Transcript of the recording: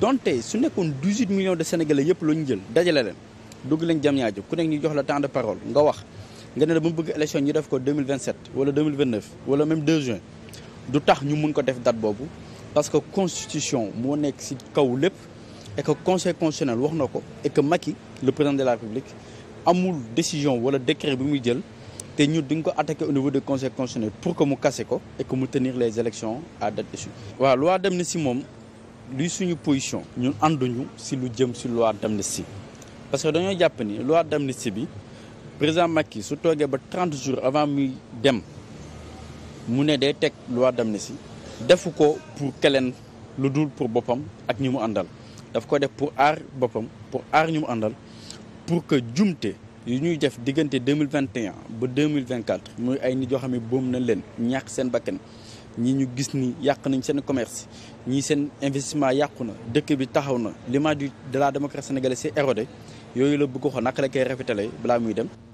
donte su nekkoon 18 millions de sénégalais yëpp la ñu jël dajale leen dugg leen jam ñaajo ku nekk ñu jox la temps de parole nga wax nga ne la bu mu bëgg élection ñu def ko 2027 wala 2029 wala même 2 juin du tax ñu mun ko def date boobu parce que constitution moo nekk ci kaw lépp et que wax na ko et que Macky le président de la république amul décision wala décret bi muy jël te ñu duñ ko attaqué au niveau de conseil constitutionnel pour que mu kase ko et que mu tenir les élections à date issue waaw loi d'amnistie moom luy suñu position ñu ànduñu si lu jëm si loi d'amnistie parce que dañoo jàpp ni loi d'amnistie bi président Macky su toogee ba 30 jours avant muy dem mu ne day teg loi d'amnistie defu ko pour keleen lu dul pour boppam ak ñu mu àndal daf ko def pour aar boppam pour aar ñu mu àndal pour que jumte yu ñuy def diggante 2021 ba 2024 muy ay nit yoo xam ne boom na leen ñàkk seen bakkan ñi ñu gis ni yàq nañ seen commerce ñii seen investissement yàqu na dëkk bi taxaw na l'image de la démocratie sénégalaise s'est érodée yooyu la bëgg ko naka la koy rafetale balaa muy dem